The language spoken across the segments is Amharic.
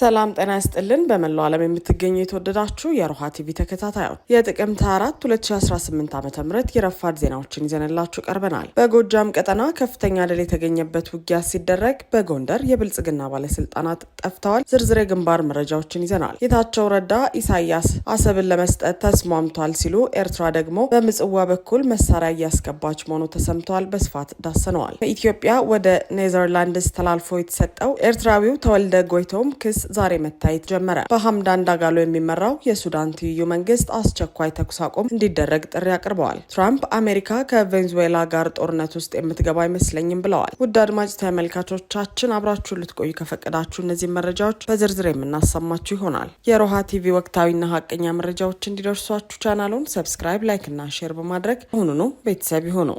ሰላም ጤና ይስጥልን። በመላው ዓለም የምትገኙ የተወደዳችሁ የሮሃ ቲቪ ተከታታዮች የጥቅምት 4 2018 ዓ ም የረፋድ ዜናዎችን ይዘንላችሁ ቀርበናል። በጎጃም ቀጠና ከፍተኛ ድል የተገኘበት ውጊያ ሲደረግ፣ በጎንደር የብልጽግና ባለስልጣናት ጠፍተዋል። ዝርዝር የግንባር መረጃዎችን ይዘናል። ጌታቸው ረዳ ኢሳያስ አሰብን ለመስጠት ተስማምቷል ሲሉ፣ ኤርትራ ደግሞ በምጽዋ በኩል መሳሪያ እያስገባች መሆኑ ተሰምተዋል። በስፋት ዳሰነዋል። በኢትዮጵያ ወደ ኔዘርላንድስ ተላልፎ የተሰጠው ኤርትራዊው ተወልደ ጎይቶም ክስ ዛሬ መታየት ጀመረ። በሀምዳን ዳጋሎ የሚመራው የሱዳን ትይዩ መንግስት አስቸኳይ ተኩስ አቁም እንዲደረግ ጥሪ አቅርበዋል። ትራምፕ አሜሪካ ከቬንዙዌላ ጋር ጦርነት ውስጥ የምትገባ አይመስለኝም ብለዋል። ውድ አድማጭ ተመልካቾቻችን አብራችሁ ልትቆዩ ከፈቀዳችሁ እነዚህ መረጃዎች በዝርዝር የምናሰማችሁ ይሆናል። የሮሃ ቲቪ ወቅታዊና ሀቀኛ መረጃዎች እንዲደርሷችሁ ቻናሉን ሰብስክራይብ፣ ላይክ እና ሼር በማድረግ አሁኑኑ ቤተሰብ ይሁኑ።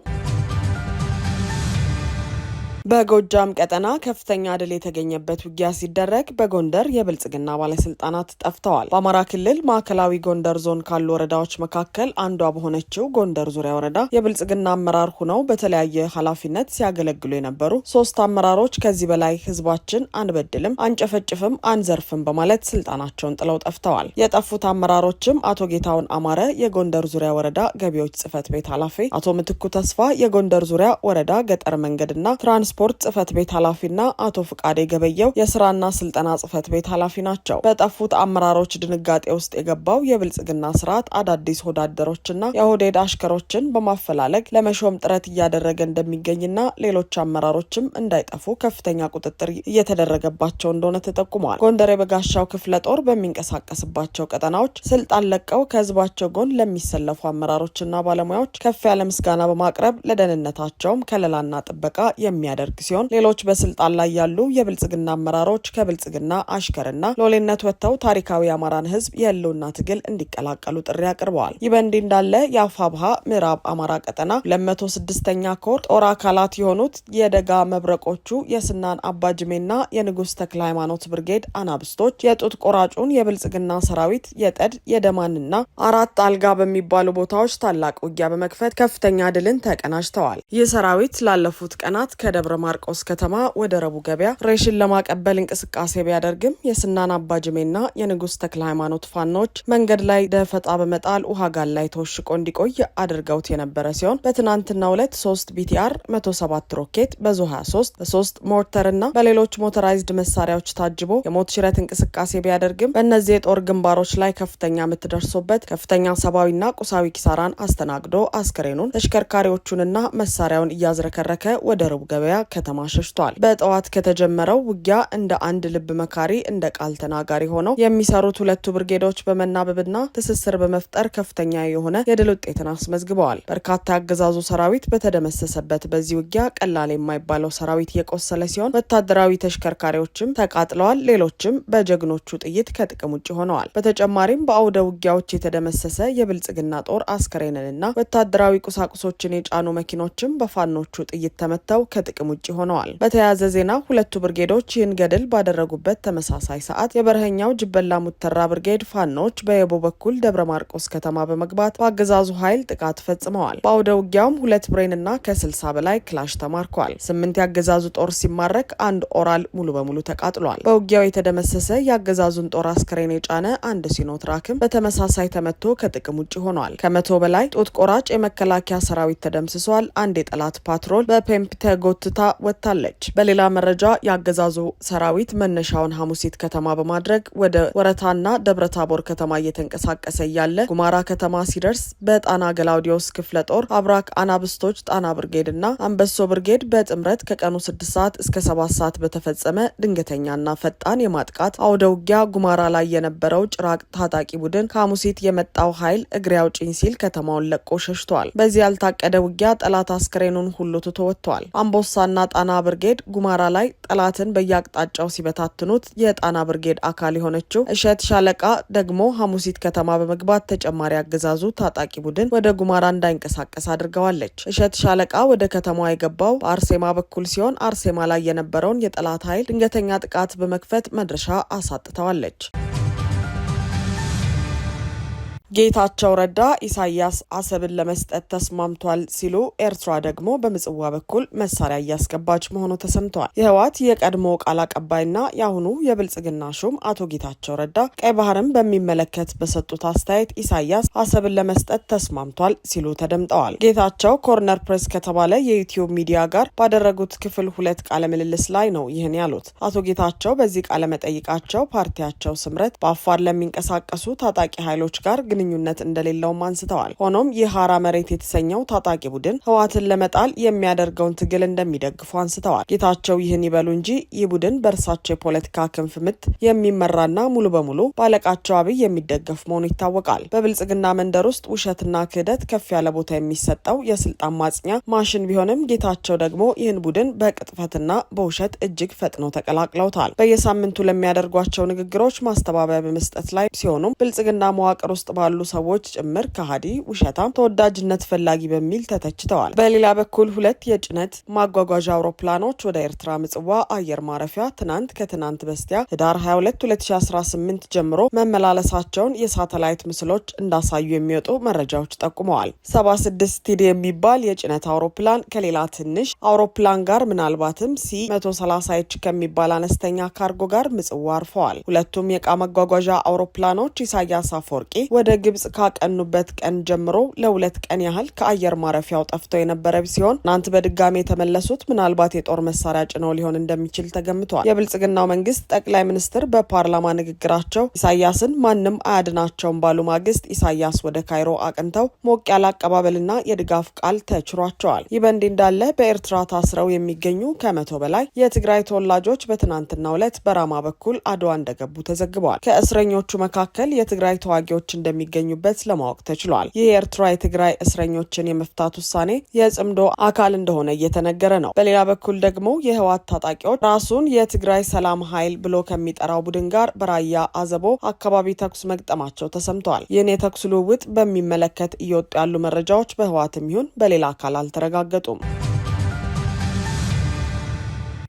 በጎጃም ቀጠና ከፍተኛ ድል የተገኘበት ውጊያ ሲደረግ በጎንደር የብልጽግና ባለስልጣናት ጠፍተዋል። በአማራ ክልል ማዕከላዊ ጎንደር ዞን ካሉ ወረዳዎች መካከል አንዷ በሆነችው ጎንደር ዙሪያ ወረዳ የብልጽግና አመራር ሆነው በተለያየ ኃላፊነት ሲያገለግሉ የነበሩ ሶስት አመራሮች ከዚህ በላይ ህዝባችን አንበድልም፣ አንጨፈጭፍም፣ አንዘርፍም በማለት ስልጣናቸውን ጥለው ጠፍተዋል። የጠፉት አመራሮችም አቶ ጌታውን አማረ የጎንደር ዙሪያ ወረዳ ገቢዎች ጽህፈት ቤት ኃላፊ፣ አቶ ምትኩ ተስፋ የጎንደር ዙሪያ ወረዳ ገጠር መንገድና ትራንስፖርት ትራንስፖርት ጽህፈት ቤት ኃላፊና አቶ ፍቃዴ ገበየው የስራና ስልጠና ጽህፈት ቤት ኃላፊ ናቸው። በጠፉት አመራሮች ድንጋጤ ውስጥ የገባው የብልጽግና ስርዓት አዳዲስ ወዳደሮችና የሆዴድ አሽከሮችን በማፈላለግ ለመሾም ጥረት እያደረገ እንደሚገኝና ሌሎች አመራሮችም እንዳይጠፉ ከፍተኛ ቁጥጥር እየተደረገባቸው እንደሆነ ተጠቁሟል። ጎንደር የበጋሻው ክፍለ ጦር በሚንቀሳቀስባቸው ቀጠናዎች ስልጣን ለቀው ከህዝባቸው ጎን ለሚሰለፉ አመራሮችና ባለሙያዎች ከፍ ያለ ምስጋና በማቅረብ ለደህንነታቸውም ከለላና ጥበቃ የሚያደርግ የሚያደርግ ሲሆን ሌሎች በስልጣን ላይ ያሉ የብልጽግና አመራሮች ከብልጽግና አሽከርና ሎሌነት ወጥተው ታሪካዊ የአማራን ህዝብ የህልውና ትግል እንዲቀላቀሉ ጥሪ አቅርበዋል። ይህ በእንዲህ እንዳለ የአፋብሃ ምዕራብ አማራ ቀጠና ለመቶ ኛ ኮር ጦር አካላት የሆኑት የደጋ መብረቆቹ የስናን አባጅሜና የንጉሥ ተክለ ሃይማኖት ብርጌድ አናብስቶች የጡት ቆራጩን የብልጽግና ሰራዊት የጠድ የደማንና አራት አልጋ በሚባሉ ቦታዎች ታላቅ ውጊያ በመክፈት ከፍተኛ ድልን ተቀናጅተዋል። ይህ ሰራዊት ላለፉት ቀናት ከደብረ ማርቆስ ከተማ ወደ ረቡ ገበያ ሬሽን ለማቀበል እንቅስቃሴ ቢያደርግም የስናን አባጅሜና የንጉሥ ተክለ ሃይማኖት ፋኖች መንገድ ላይ ደፈጣ በመጣል ውሃ ጋን ላይ ተወሽቆ እንዲቆይ አድርገውት የነበረ ሲሆን በትናንትና ሁለት ሶስት ቢቲአር ሰባት ሮኬት በዙ 23 በሶስት ሞርተርና በሌሎች ሞተራይዝድ መሳሪያዎች ታጅቦ የሞት ሽረት እንቅስቃሴ ቢያደርግም በእነዚህ የጦር ግንባሮች ላይ ከፍተኛ የምትደርሶበት ከፍተኛ ሰብአዊና ቁሳዊ ኪሳራን አስተናግዶ አስክሬኑን ተሽከርካሪዎቹንና መሳሪያውን እያዝረከረከ ወደ ረቡ ገበያ ከተማ ሸሽቷል። በጠዋት ከተጀመረው ውጊያ እንደ አንድ ልብ መካሪ እንደ ቃል ተናጋሪ ሆነው የሚሰሩት ሁለቱ ብርጌዶች በመናበብና ትስስር በመፍጠር ከፍተኛ የሆነ የድል ውጤትን አስመዝግበዋል። በርካታ ያገዛዙ ሰራዊት በተደመሰሰበት በዚህ ውጊያ ቀላል የማይባለው ሰራዊት የቆሰለ ሲሆን ወታደራዊ ተሽከርካሪዎችም ተቃጥለዋል። ሌሎችም በጀግኖቹ ጥይት ከጥቅም ውጭ ሆነዋል። በተጨማሪም በአውደ ውጊያዎች የተደመሰሰ የብልጽግና ጦር አስከሬንንና ወታደራዊ ቁሳቁሶችን የጫኑ መኪኖችም በፋኖቹ ጥይት ተመተው ከጥቅም ከጥቅም ውጭ ሆነዋል። በተያያዘ ዜና ሁለቱ ብርጌዶች ይህን ገድል ባደረጉበት ተመሳሳይ ሰዓት የበረሀኛው ጅበላ ሙተራ ብርጌድ ፋኖች በየቦ በኩል ደብረ ማርቆስ ከተማ በመግባት በአገዛዙ ኃይል ጥቃት ፈጽመዋል። በአውደ ውጊያውም ሁለት ብሬንና ከስልሳ በላይ ክላሽ ተማርከዋል። ስምንት የአገዛዙ ጦር ሲማረክ አንድ ኦራል ሙሉ በሙሉ ተቃጥሏል። በውጊያው የተደመሰሰ የአገዛዙን ጦር አስክሬን የጫነ አንድ ሲኖትራክም በተመሳሳይ ተመቶ ከጥቅም ውጭ ሆኗል። ከመቶ በላይ ጡት ቆራጭ የመከላከያ ሰራዊት ተደምስሷል። አንድ የጠላት ፓትሮል በፔምፕ ጨዋታ ወጥታለች። በሌላ መረጃ የአገዛዙ ሰራዊት መነሻውን ሐሙሲት ከተማ በማድረግ ወደ ወረታና ደብረታቦር ከተማ እየተንቀሳቀሰ እያለ ጉማራ ከተማ ሲደርስ በጣና ገላውዲዮስ ክፍለ ጦር አብራክ አናብስቶች ጣና ብርጌድና አንበሶ ብርጌድ በጥምረት ከቀኑ ስድስት ሰዓት እስከ ሰባት ሰዓት በተፈጸመ ድንገተኛና ፈጣን የማጥቃት አውደ ውጊያ ጉማራ ላይ የነበረው ጭራቅ ታጣቂ ቡድን ከሐሙሲት የመጣው ኃይል እግሬ አውጪኝ ሲል ከተማውን ለቆ ሸሽቷል። በዚህ ያልታቀደ ውጊያ ጠላት አስክሬኑን ሁሉ ትቶ ወጥቷል። አምቦሳ ሻለቃና ጣና ብርጌድ ጉማራ ላይ ጠላትን በየአቅጣጫው ሲበታትኑት የጣና ብርጌድ አካል የሆነችው እሸት ሻለቃ ደግሞ ሐሙሲት ከተማ በመግባት ተጨማሪ አገዛዙ ታጣቂ ቡድን ወደ ጉማራ እንዳይንቀሳቀስ አድርገዋለች። እሸት ሻለቃ ወደ ከተማዋ የገባው በአርሴማ በኩል ሲሆን አርሴማ ላይ የነበረውን የጠላት ኃይል ድንገተኛ ጥቃት በመክፈት መድረሻ አሳጥተዋለች። ጌታቸው ረዳ ኢሳያስ አሰብን ለመስጠት ተስማምቷል ሲሉ ኤርትራ ደግሞ በምጽዋ በኩል መሳሪያ እያስገባች መሆኑ ተሰምተዋል። የህወሓት የቀድሞ ቃል አቀባይና የአሁኑ የብልጽግና ሹም አቶ ጌታቸው ረዳ ቀይ ባህርን በሚመለከት በሰጡት አስተያየት ኢሳያስ አሰብን ለመስጠት ተስማምቷል ሲሉ ተደምጠዋል። ጌታቸው ኮርነር ፕሬስ ከተባለ የዩቲዩብ ሚዲያ ጋር ባደረጉት ክፍል ሁለት ቃለ ምልልስ ላይ ነው ይህን ያሉት። አቶ ጌታቸው በዚህ ቃለ መጠይቃቸው ፓርቲያቸው ስምረት በአፋር ለሚንቀሳቀሱ ታጣቂ ኃይሎች ጋር ግንኙነት እንደሌለውም አንስተዋል። ሆኖም ይህ ሀራ መሬት የተሰኘው ታጣቂ ቡድን ህወሓትን ለመጣል የሚያደርገውን ትግል እንደሚደግፉ አንስተዋል። ጌታቸው ይህን ይበሉ እንጂ ይህ ቡድን በእርሳቸው የፖለቲካ ክንፍ ምት የሚመራና ሙሉ በሙሉ በአለቃቸው አብይ የሚደገፍ መሆኑ ይታወቃል። በብልጽግና መንደር ውስጥ ውሸትና ክህደት ከፍ ያለ ቦታ የሚሰጠው የስልጣን ማጽኛ ማሽን ቢሆንም ጌታቸው ደግሞ ይህን ቡድን በቅጥፈትና በውሸት እጅግ ፈጥኖ ተቀላቅለውታል። በየሳምንቱ ለሚያደርጓቸው ንግግሮች ማስተባበያ በመስጠት ላይ ሲሆኑም ብልጽግና መዋቅር ውስጥ ባሉ ባሉ ሰዎች ጭምር ከሃዲ፣ ውሸታም፣ ተወዳጅነት ፈላጊ በሚል ተተችተዋል። በሌላ በኩል ሁለት የጭነት ማጓጓዣ አውሮፕላኖች ወደ ኤርትራ ምጽዋ አየር ማረፊያ ትናንት ከትናንት በስቲያ ህዳር 22 2018 ጀምሮ መመላለሳቸውን የሳተላይት ምስሎች እንዳሳዩ የሚወጡ መረጃዎች ጠቁመዋል። 76 ቲዲ የሚባል የጭነት አውሮፕላን ከሌላ ትንሽ አውሮፕላን ጋር ምናልባትም ሲ 130 ኤች ከሚባል አነስተኛ ካርጎ ጋር ምጽዋ አርፈዋል። ሁለቱም የዕቃ መጓጓዣ አውሮፕላኖች ኢሳያስ አፈወርቂ ወደ ግብጽ ካቀኑበት ቀን ጀምሮ ለሁለት ቀን ያህል ከአየር ማረፊያው ጠፍተው የነበረ ሲሆን ትናንት በድጋሚ የተመለሱት ምናልባት የጦር መሳሪያ ጭነው ሊሆን እንደሚችል ተገምቷል። የብልጽግናው መንግስት ጠቅላይ ሚኒስትር በፓርላማ ንግግራቸው ኢሳያስን ማንም አያድናቸውም ባሉ ማግስት ኢሳያስ ወደ ካይሮ አቅንተው ሞቅ ያለ አቀባበልና የድጋፍ ቃል ተችሯቸዋል። ይህ በእንዲህ እንዳለ በኤርትራ ታስረው የሚገኙ ከመቶ በላይ የትግራይ ተወላጆች በትናንትናው ዕለት በራማ በኩል አድዋ እንደገቡ ተዘግበዋል። ከእስረኞቹ መካከል የትግራይ ተዋጊዎች እንደሚ እንደሚገኙበት ለማወቅ ተችሏል። ይህ የኤርትራ የትግራይ እስረኞችን የመፍታት ውሳኔ የጽምዶ አካል እንደሆነ እየተነገረ ነው። በሌላ በኩል ደግሞ የህወሓት ታጣቂዎች ራሱን የትግራይ ሰላም ኃይል ብሎ ከሚጠራው ቡድን ጋር በራያ አዘቦ አካባቢ ተኩስ መግጠማቸው ተሰምተዋል። ይህን የተኩስ ልውውጥ በሚመለከት እየወጡ ያሉ መረጃዎች በህወሓትም ይሁን በሌላ አካል አልተረጋገጡም።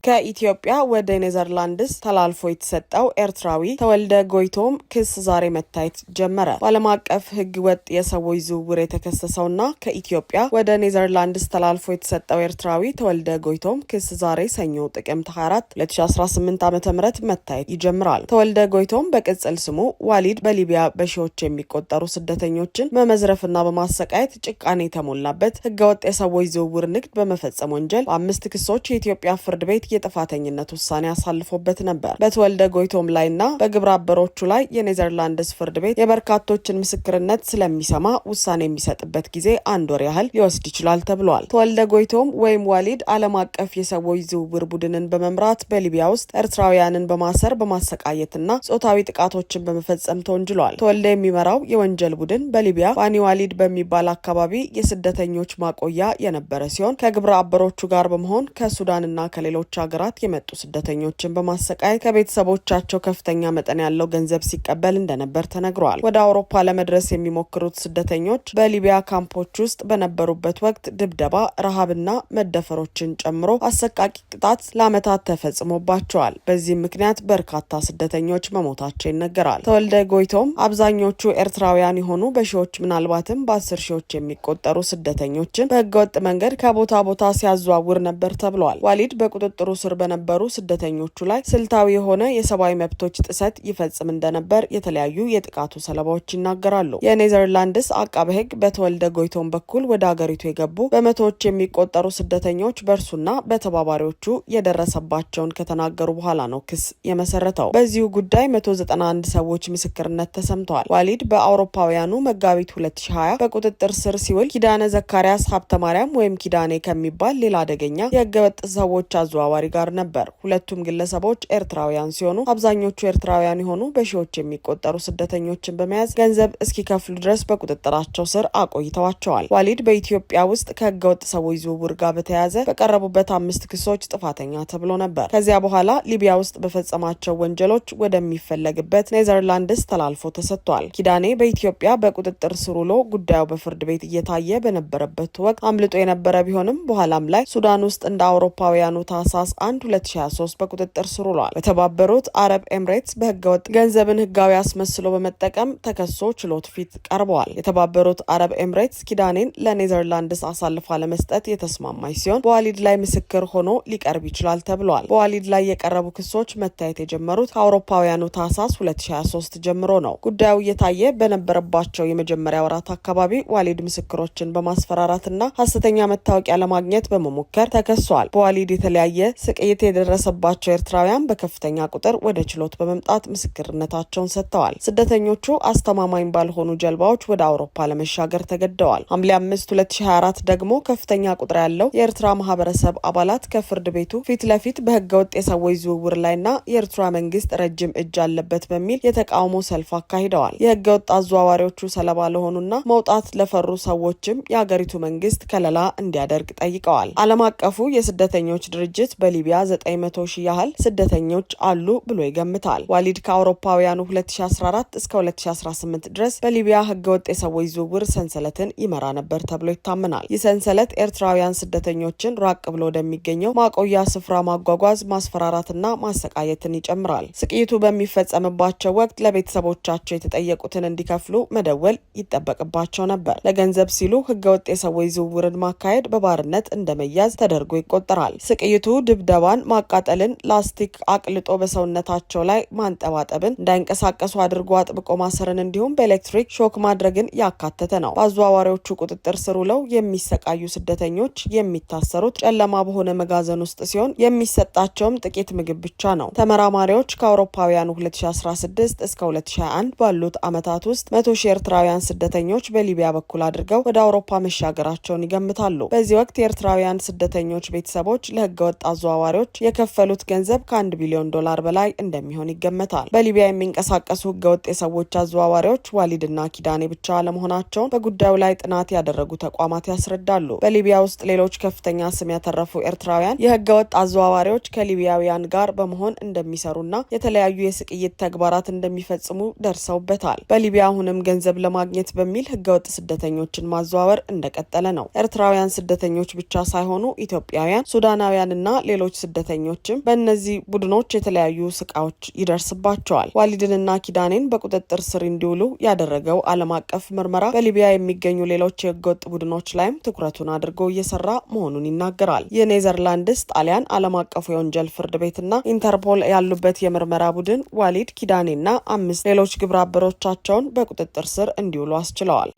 ከኢትዮጵያ ወደ ኔዘርላንድስ ተላልፎ የተሰጠው ኤርትራዊ ተወልደ ጎይቶም ክስ ዛሬ መታየት ጀመረ። በዓለም አቀፍ ህግ ወጥ የሰዎች ዝውውር የተከሰሰውና ከኢትዮጵያ ወደ ኔዘርላንድስ ተላልፎ የተሰጠው ኤርትራዊ ተወልደ ጎይቶም ክስ ዛሬ ሰኞ ጥቅምት 24 2018 ዓ ም መታየት ይጀምራል። ተወልደ ጎይቶም በቅጽል ስሙ ዋሊድ በሊቢያ በሺዎች የሚቆጠሩ ስደተኞችን በመዝረፍና በማሰቃየት ጭቃኔ የተሞላበት ህገወጥ የሰዎች ዝውውር ንግድ በመፈጸም ወንጀል በአምስት ክሶች የኢትዮጵያ ፍርድ ቤት የጥፋተኝነት ውሳኔ አሳልፎበት ነበር። በተወልደ ጎይቶም ላይና በግብረ አበሮቹ ላይ የኔዘርላንድስ ፍርድ ቤት የበርካቶችን ምስክርነት ስለሚሰማ ውሳኔ የሚሰጥበት ጊዜ አንድ ወር ያህል ሊወስድ ይችላል ተብሏል። ተወልደ ጎይቶም ወይም ዋሊድ ዓለም አቀፍ የሰዎች ዝውውር ቡድንን በመምራት በሊቢያ ውስጥ ኤርትራውያንን በማሰር በማሰቃየትና ጾታዊ ጥቃቶችን በመፈጸም ተወንጅሏል። ተወልደ የሚመራው የወንጀል ቡድን በሊቢያ ባኒ ዋሊድ በሚባል አካባቢ የስደተኞች ማቆያ የነበረ ሲሆን ከግብረ አበሮቹ ጋር በመሆን ከሱዳንና ከሌሎች ሀገራት የመጡ ስደተኞችን በማሰቃየት ከቤተሰቦቻቸው ከፍተኛ መጠን ያለው ገንዘብ ሲቀበል እንደነበር ተነግሯል። ወደ አውሮፓ ለመድረስ የሚሞክሩት ስደተኞች በሊቢያ ካምፖች ውስጥ በነበሩበት ወቅት ድብደባ፣ ረሃብና መደፈሮችን ጨምሮ አሰቃቂ ቅጣት ለዓመታት ተፈጽሞባቸዋል። በዚህም ምክንያት በርካታ ስደተኞች መሞታቸው ይነገራል። ተወልደ ጎይቶም አብዛኞቹ ኤርትራውያን የሆኑ በሺዎች ምናልባትም በአስር ሺዎች የሚቆጠሩ ስደተኞችን በህገወጥ መንገድ ከቦታ ቦታ ሲያዘዋውር ነበር ተብሏል። ዋሊድ በቁጥጥሩ በባህሩ ስር በነበሩ ስደተኞቹ ላይ ስልታዊ የሆነ የሰብአዊ መብቶች ጥሰት ይፈጽም እንደነበር የተለያዩ የጥቃቱ ሰለባዎች ይናገራሉ። የኔዘርላንድስ አቃቤ ሕግ በተወልደ ጎይቶን በኩል ወደ አገሪቱ የገቡ በመቶዎች የሚቆጠሩ ስደተኞች በእርሱና በተባባሪዎቹ የደረሰባቸውን ከተናገሩ በኋላ ነው ክስ የመሰረተው። በዚሁ ጉዳይ 191 ሰዎች ምስክርነት ተሰምተዋል። ዋሊድ በአውሮፓውያኑ መጋቢት 2020 በቁጥጥር ስር ሲውል ኪዳነ ዘካርያስ ሀብተ ማርያም ወይም ኪዳኔ ከሚባል ሌላ አደገኛ የህገወጥ ሰዎች አዘዋዋሪ ተዘዋዋሪ ጋር ነበር። ሁለቱም ግለሰቦች ኤርትራውያን ሲሆኑ አብዛኞቹ ኤርትራውያን የሆኑ በሺዎች የሚቆጠሩ ስደተኞችን በመያዝ ገንዘብ እስኪከፍሉ ድረስ በቁጥጥራቸው ስር አቆይተዋቸዋል። ዋሊድ በኢትዮጵያ ውስጥ ከህገወጥ ሰዎች ዝውውር ጋር በተያያዘ በቀረቡበት አምስት ክሶች ጥፋተኛ ተብሎ ነበር። ከዚያ በኋላ ሊቢያ ውስጥ በፈጸማቸው ወንጀሎች ወደሚፈለግበት ኔዘርላንድስ ተላልፎ ተሰጥቷል። ኪዳኔ በኢትዮጵያ በቁጥጥር ስር ውሎ ጉዳዩ በፍርድ ቤት እየታየ በነበረበት ወቅት አምልጦ የነበረ ቢሆንም በኋላም ላይ ሱዳን ውስጥ እንደ አውሮፓውያኑ ታህሳስ ታህሳስ 1 2023 በቁጥጥር ስር ውሏል። በተባበሩት አረብ ኤምሬትስ በህገወጥ ገንዘብን ህጋዊ አስመስሎ በመጠቀም ተከሶ ችሎት ፊት ቀርበዋል። የተባበሩት አረብ ኤምሬትስ ኪዳኔን ለኔዘርላንድስ አሳልፋ ለመስጠት የተስማማች ሲሆን በዋሊድ ላይ ምስክር ሆኖ ሊቀርብ ይችላል ተብሏል። በዋሊድ ላይ የቀረቡ ክሶች መታየት የጀመሩት ከአውሮፓውያኑ ታህሳስ 2023 ጀምሮ ነው። ጉዳዩ እየታየ በነበረባቸው የመጀመሪያ ወራት አካባቢ ዋሊድ ምስክሮችን በማስፈራራትና ሀሰተኛ መታወቂያ ለማግኘት በመሞከር ተከሷል። በዋሊድ የተለያየ ስቅይት የደረሰባቸው ኤርትራውያን በከፍተኛ ቁጥር ወደ ችሎት በመምጣት ምስክርነታቸውን ሰጥተዋል። ስደተኞቹ አስተማማኝ ባልሆኑ ጀልባዎች ወደ አውሮፓ ለመሻገር ተገደዋል። ሐምሌ አምስት 2024 ደግሞ ከፍተኛ ቁጥር ያለው የኤርትራ ማህበረሰብ አባላት ከፍርድ ቤቱ ፊት ለፊት በህገወጥ የሰዎች ዝውውር ላይና የኤርትራ መንግስት ረጅም እጅ አለበት በሚል የተቃውሞ ሰልፍ አካሂደዋል። የህገወጥ አዘዋዋሪዎቹ ሰለባ ለሆኑና መውጣት ለፈሩ ሰዎችም የአገሪቱ መንግስት ከለላ እንዲያደርግ ጠይቀዋል። ዓለም አቀፉ የስደተኞች ድርጅት በ በሊቢያ 900 ሺህ ያህል ስደተኞች አሉ ብሎ ይገምታል። ዋሊድ ከአውሮፓውያኑ 2014 እስከ 2018 ድረስ በሊቢያ ህገወጥ የሰዎች ዝውውር ሰንሰለትን ይመራ ነበር ተብሎ ይታመናል። ይህ ሰንሰለት ኤርትራውያን ስደተኞችን ራቅ ብሎ ወደሚገኘው ማቆያ ስፍራ ማጓጓዝ፣ ማስፈራራትና ማሰቃየትን ይጨምራል። ስቅይቱ በሚፈጸምባቸው ወቅት ለቤተሰቦቻቸው የተጠየቁትን እንዲከፍሉ መደወል ይጠበቅባቸው ነበር። ለገንዘብ ሲሉ ህገወጥ የሰዎች ዝውውርን ማካሄድ በባርነት እንደመያዝ ተደርጎ ይቆጠራል። ስቅይቱ ድብደባን፣ ማቃጠልን፣ ላስቲክ አቅልጦ በሰውነታቸው ላይ ማንጠባጠብን፣ እንዳይንቀሳቀሱ አድርጎ አጥብቆ ማሰርን እንዲሁም በኤሌክትሪክ ሾክ ማድረግን ያካተተ ነው። በአዘዋዋሪዎቹ ቁጥጥር ስር ውለው የሚሰቃዩ ስደተኞች የሚታሰሩት ጨለማ በሆነ መጋዘን ውስጥ ሲሆን የሚሰጣቸውም ጥቂት ምግብ ብቻ ነው። ተመራማሪዎች ከአውሮፓውያኑ 2016 እስከ 2021 ባሉት ዓመታት ውስጥ መቶ ሺህ ኤርትራውያን ስደተኞች በሊቢያ በኩል አድርገው ወደ አውሮፓ መሻገራቸውን ይገምታሉ። በዚህ ወቅት የኤርትራውያን ስደተኞች ቤተሰቦች ለህገወጥ አዘዋዋሪዎች የከፈሉት ገንዘብ ከአንድ ቢሊዮን ዶላር በላይ እንደሚሆን ይገመታል። በሊቢያ የሚንቀሳቀሱ ህገወጥ የሰዎች አዘዋዋሪዎች ዋሊድና ኪዳኔ ብቻ አለመሆናቸውን በጉዳዩ ላይ ጥናት ያደረጉ ተቋማት ያስረዳሉ። በሊቢያ ውስጥ ሌሎች ከፍተኛ ስም ያተረፉ ኤርትራውያን የህገወጥ አዘዋዋሪዎች ከሊቢያውያን ጋር በመሆን እንደሚሰሩና የተለያዩ የስቅይት ተግባራት እንደሚፈጽሙ ደርሰውበታል። በሊቢያ አሁንም ገንዘብ ለማግኘት በሚል ህገወጥ ስደተኞችን ማዘዋወር እንደቀጠለ ነው። ኤርትራውያን ስደተኞች ብቻ ሳይሆኑ ኢትዮጵያውያን፣ ሱዳናውያንና ሌሎች ስደተኞችም በእነዚህ ቡድኖች የተለያዩ ስቃዎች ይደርስባቸዋል። ዋሊድንና ኪዳኔን በቁጥጥር ስር እንዲውሉ ያደረገው ዓለም አቀፍ ምርመራ በሊቢያ የሚገኙ ሌሎች የህገወጥ ቡድኖች ላይም ትኩረቱን አድርጎ እየሰራ መሆኑን ይናገራል። የኔዘርላንድስ፣ ጣሊያን፣ ዓለም አቀፉ የወንጀል ፍርድ ቤትና ኢንተርፖል ያሉበት የምርመራ ቡድን ዋሊድ ኪዳኔና አምስት ሌሎች ግብረ አበሮቻቸውን በቁጥጥር ስር እንዲውሉ አስችለዋል።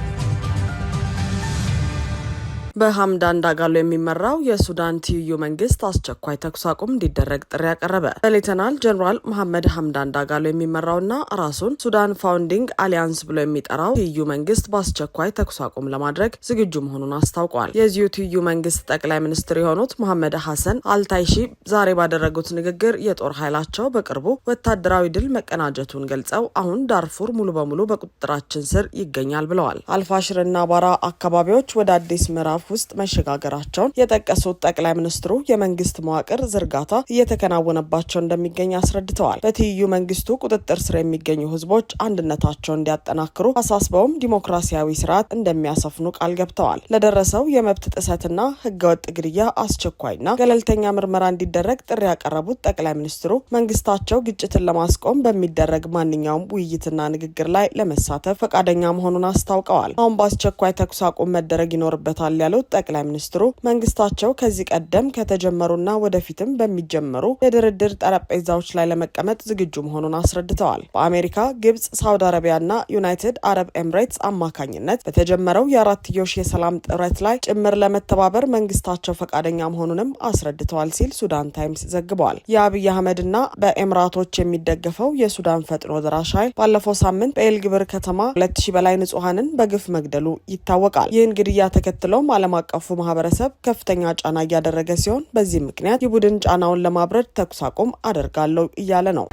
በሀምዳን ዳጋሎ የሚመራው የሱዳን ትይዩ መንግስት አስቸኳይ ተኩስ አቁም እንዲደረግ ጥሪ ያቀረበ በሌተናል ጀኔራል መሐመድ ሀምዳን ዳጋሎ የሚመራውና ራሱን ሱዳን ፋውንዲንግ አሊያንስ ብሎ የሚጠራው ትይዩ መንግስት በአስቸኳይ ተኩስ አቁም ለማድረግ ዝግጁ መሆኑን አስታውቋል። የዚሁ ትይዩ መንግስት ጠቅላይ ሚኒስትር የሆኑት መሐመድ ሐሰን አልታይሺ ዛሬ ባደረጉት ንግግር የጦር ኃይላቸው በቅርቡ ወታደራዊ ድል መቀናጀቱን ገልጸው አሁን ዳርፉር ሙሉ በሙሉ በቁጥጥራችን ስር ይገኛል ብለዋል። አልፋሽርና ባራ አካባቢዎች ወደ አዲስ ምዕራፍ ምዕራፍ ውስጥ መሸጋገራቸውን የጠቀሱት ጠቅላይ ሚኒስትሩ የመንግስት መዋቅር ዝርጋታ እየተከናወነባቸው እንደሚገኝ አስረድተዋል። በትይዩ መንግስቱ ቁጥጥር ስር የሚገኙ ህዝቦች አንድነታቸውን እንዲያጠናክሩ አሳስበውም ዲሞክራሲያዊ ስርዓት እንደሚያሰፍኑ ቃል ገብተዋል። ለደረሰው የመብት ጥሰትና ህገወጥ ግድያ አስቸኳይና ገለልተኛ ምርመራ እንዲደረግ ጥሪ ያቀረቡት ጠቅላይ ሚኒስትሩ መንግስታቸው ግጭትን ለማስቆም በሚደረግ ማንኛውም ውይይትና ንግግር ላይ ለመሳተፍ ፈቃደኛ መሆኑን አስታውቀዋል። አሁን በአስቸኳይ ተኩስ አቁም መደረግ ይኖርበታል ያሉት ጠቅላይ ሚኒስትሩ መንግስታቸው ከዚህ ቀደም ከተጀመሩና ወደፊትም በሚጀመሩ የድርድር ጠረጴዛዎች ላይ ለመቀመጥ ዝግጁ መሆኑን አስረድተዋል። በአሜሪካ፣ ግብጽ፣ ሳውዲ አረቢያና ዩናይትድ አረብ ኤምሬትስ አማካኝነት በተጀመረው የአራትዮሽ የሰላም ጥረት ላይ ጭምር ለመተባበር መንግስታቸው ፈቃደኛ መሆኑንም አስረድተዋል ሲል ሱዳን ታይምስ ዘግቧል። የአብይ አህመድና በኤምራቶች የሚደገፈው የሱዳን ፈጥኖ ደራሽ ኃይል ባለፈው ሳምንት በኤልግብር ከተማ ሁለት ሺህ በላይ ንጹሐንን በግፍ መግደሉ ይታወቃል። ይህን ግድያ ተከትሎም ዓለም አቀፉ ማህበረሰብ ከፍተኛ ጫና እያደረገ ሲሆን በዚህ ምክንያት የቡድን ጫናውን ለማብረድ ተኩስ አቁም አደርጋለሁ እያለ ነው።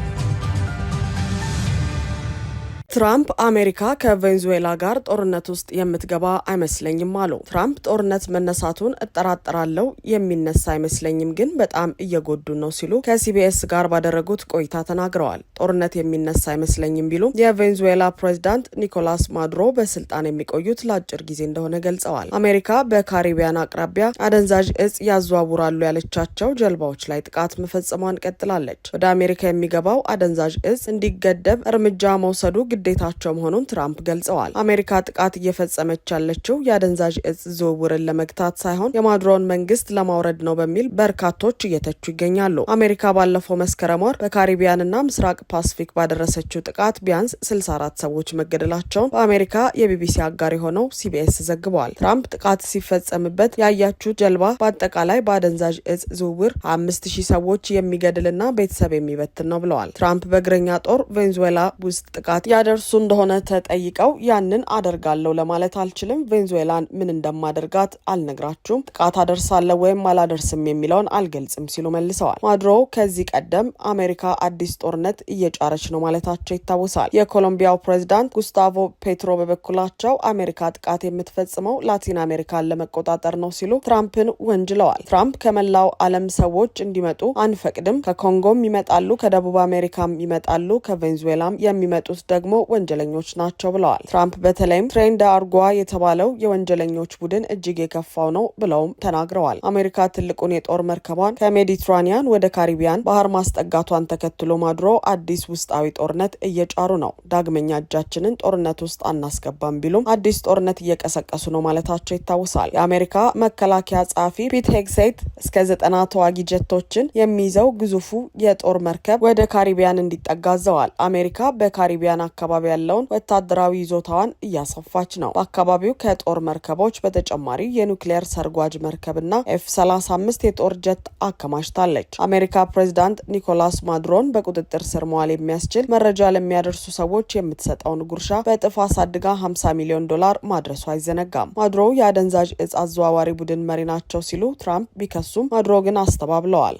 ትራምፕ አሜሪካ ከቬንዙዌላ ጋር ጦርነት ውስጥ የምትገባ አይመስለኝም አሉ። ትራምፕ ጦርነት መነሳቱን እጠራጠራለው፣ የሚነሳ አይመስለኝም፣ ግን በጣም እየጎዱ ነው ሲሉ ከሲቢኤስ ጋር ባደረጉት ቆይታ ተናግረዋል። ጦርነት የሚነሳ አይመስለኝም ቢሉም የቬንዙዌላ ፕሬዚዳንት ኒኮላስ ማዱሮ በስልጣን የሚቆዩት ለአጭር ጊዜ እንደሆነ ገልጸዋል። አሜሪካ በካሪቢያን አቅራቢያ አደንዛዥ እጽ ያዘዋውራሉ ያለቻቸው ጀልባዎች ላይ ጥቃት መፈጸሟን ቀጥላለች። ወደ አሜሪካ የሚገባው አደንዛዥ እጽ እንዲገደብ እርምጃ መውሰዱ ግዴታቸው መሆኑን ትራምፕ ገልጸዋል። አሜሪካ ጥቃት እየፈጸመች ያለችው የአደንዛዥ እጽ ዝውውርን ለመግታት ሳይሆን የማድሮን መንግስት ለማውረድ ነው በሚል በርካቶች እየተቹ ይገኛሉ። አሜሪካ ባለፈው መስከረም ወር በካሪቢያንና ምስራቅ ፓስፊክ ባደረሰችው ጥቃት ቢያንስ 64 ሰዎች መገደላቸውን በአሜሪካ የቢቢሲ አጋር የሆነው ሲቢኤስ ዘግቧል። ትራምፕ ጥቃት ሲፈጸምበት ያያችሁ ጀልባ በአጠቃላይ በአደንዛዥ እጽ ዝውውር አምስት ሺህ ሰዎች የሚገድልና ቤተሰብ የሚበትን ነው ብለዋል። ትራምፕ በእግረኛ ጦር ቬንዙዌላ ውስጥ ጥቃት እርሱ እንደሆነ ተጠይቀው ያንን አደርጋለሁ ለማለት አልችልም። ቬንዙዌላን ምን እንደማደርጋት አልነግራችሁም። ጥቃት አደርሳለሁ ወይም አላደርስም የሚለውን አልገልጽም ሲሉ መልሰዋል። ማድሮ ከዚህ ቀደም አሜሪካ አዲስ ጦርነት እየጫረች ነው ማለታቸው ይታወሳል። የኮሎምቢያው ፕሬዚዳንት ጉስታቮ ፔትሮ በበኩላቸው አሜሪካ ጥቃት የምትፈጽመው ላቲን አሜሪካን ለመቆጣጠር ነው ሲሉ ትራምፕን ወንጅለዋል። ትራምፕ ከመላው ዓለም ሰዎች እንዲመጡ አንፈቅድም፣ ከኮንጎም ይመጣሉ፣ ከደቡብ አሜሪካም ይመጣሉ፣ ከቬንዙዌላም የሚመጡት ደግሞ ወንጀለኞች ናቸው ብለዋል። ትራምፕ በተለይም ትሬንድ አርጓ የተባለው የወንጀለኞች ቡድን እጅግ የከፋው ነው ብለውም ተናግረዋል። አሜሪካ ትልቁን የጦር መርከቧን ከሜዲትራኒያን ወደ ካሪቢያን ባህር ማስጠጋቷን ተከትሎ ማድሮ አዲስ ውስጣዊ ጦርነት እየጫሩ ነው። ዳግመኛ እጃችንን ጦርነት ውስጥ አናስገባም ቢሉም አዲስ ጦርነት እየቀሰቀሱ ነው ማለታቸው ይታወሳል። የአሜሪካ መከላከያ ጸሐፊ ፒት ሄግሴት እስከ ዘጠና ተዋጊ ጀቶችን የሚይዘው ግዙፉ የጦር መርከብ ወደ ካሪቢያን እንዲጠጋ አዘዋል። አሜሪካ በካሪቢያን አካባቢ አካባቢ ያለውን ወታደራዊ ይዞታዋን እያሰፋች ነው። በአካባቢው ከጦር መርከቦች በተጨማሪ የኑክሌር ሰርጓጅ መርከብና ኤፍ 35 የጦር ጀት አከማችታለች። አሜሪካ ፕሬዚዳንት ኒኮላስ ማዱሮን በቁጥጥር ስር መዋል የሚያስችል መረጃ ለሚያደርሱ ሰዎች የምትሰጠውን ጉርሻ በእጥፍ አሳድጋ 50 ሚሊዮን ዶላር ማድረሱ አይዘነጋም። ማድሮ የአደንዛዥ እጽ አዘዋዋሪ ቡድን መሪ ናቸው ሲሉ ትራምፕ ቢከሱም ማድሮ ግን አስተባብለዋል።